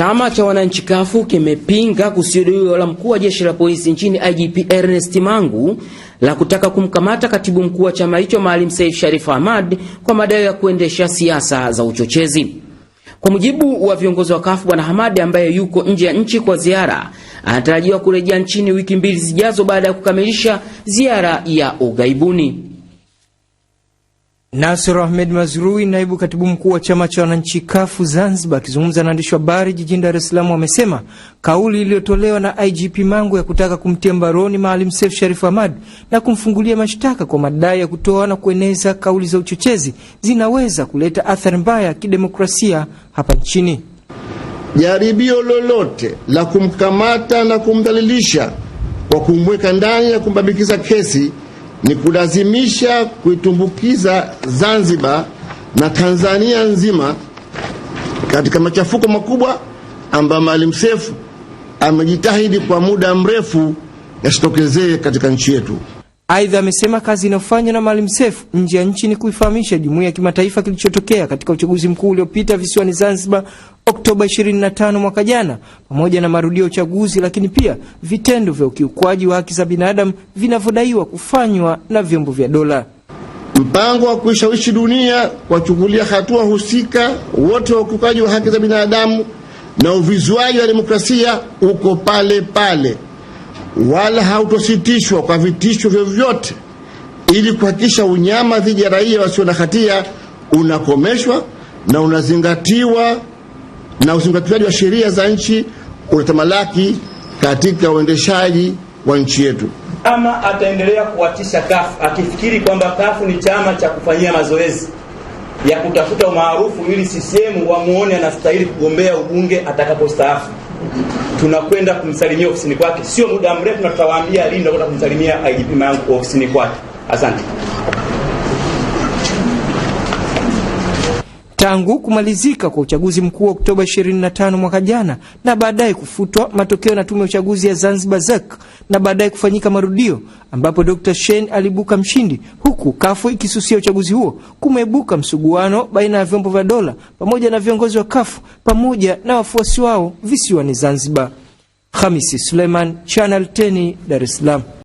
Chama cha wananchi kafu kimepinga kusudiwa la mkuu wa jeshi la polisi nchini IGP Ernest Mangu la kutaka kumkamata katibu mkuu wa chama hicho Maalim Seif Sharif Hamad kwa madai ya kuendesha siasa za uchochezi. Kwa mujibu wa viongozi wa kafu, bwana Hamad ambaye yuko nje ya nchi kwa ziara, anatarajiwa kurejea nchini wiki mbili zijazo baada ya kukamilisha ziara ya ugaibuni. Nasir Ahmed Mazrui, naibu katibu mkuu wa chama cha wananchi kafu Zanzibar, akizungumza na waandishi wa habari jijini Dar es Salaam, amesema kauli iliyotolewa na IGP Mangu ya kutaka kumtia mbaroni Maalim Seif Sharif Hamad na kumfungulia mashtaka kwa madai ya kutoa na kueneza kauli za uchochezi zinaweza kuleta athari mbaya ya kidemokrasia hapa nchini. Jaribio lolote la kumkamata na kumdhalilisha kwa kumweka ndani ya kumbabikiza kesi ni kulazimisha kuitumbukiza Zanzibar na Tanzania nzima katika machafuko makubwa ambayo Maalim Seif amejitahidi kwa muda mrefu yasitokezee katika nchi yetu. Aidha, amesema kazi inayofanywa na Maalim Seif nje ya nchi ni kuifahamisha jumuiya ya kimataifa kilichotokea katika uchaguzi mkuu uliopita visiwani Zanzibar Oktoba 25 mwaka jana, pamoja na marudio ya uchaguzi, lakini pia vitendo vya ukiukwaji wa haki za binadamu vinavyodaiwa kufanywa na vyombo vya dola. Mpango wa kuishawishi dunia kuwachukulia hatua husika wote wa ukiukaji wa haki za binadamu na uvizuaji wa demokrasia uko pale pale wala hautositishwa kwa vitisho vyovyote ili kuhakikisha unyama dhidi ya raia wasio na hatia unakomeshwa na unazingatiwa na uzingatiwaji wa sheria za nchi unatamalaki katika uendeshaji wa nchi yetu. Ama ataendelea kuwatisha kafu akifikiri kwamba kafu ni chama cha kufanyia mazoezi ya kutafuta umaarufu ili CCM wamuone anastahili kugombea ubunge atakapostaafu tunakwenda kumsalimia ofisini kwake, sio muda mrefu, na tutawaambia lini tunakwenda kumsalimia IGP Mayangu ofisini kwake. Asante. Tangu kumalizika kwa uchaguzi mkuu wa Oktoba 25 mwaka jana na baadaye kufutwa matokeo na tume ya uchaguzi ya Zanzibar ZEC na baadaye kufanyika marudio ambapo Dr. Shein alibuka mshindi huku kafu ikisusia uchaguzi huo, kumeibuka msuguano baina ya vyombo vya dola pamoja na viongozi wa kafu pamoja na wafuasi wao visiwani Zanzibar. Hamisi Suleiman, Channel 10, Dar es Salaam.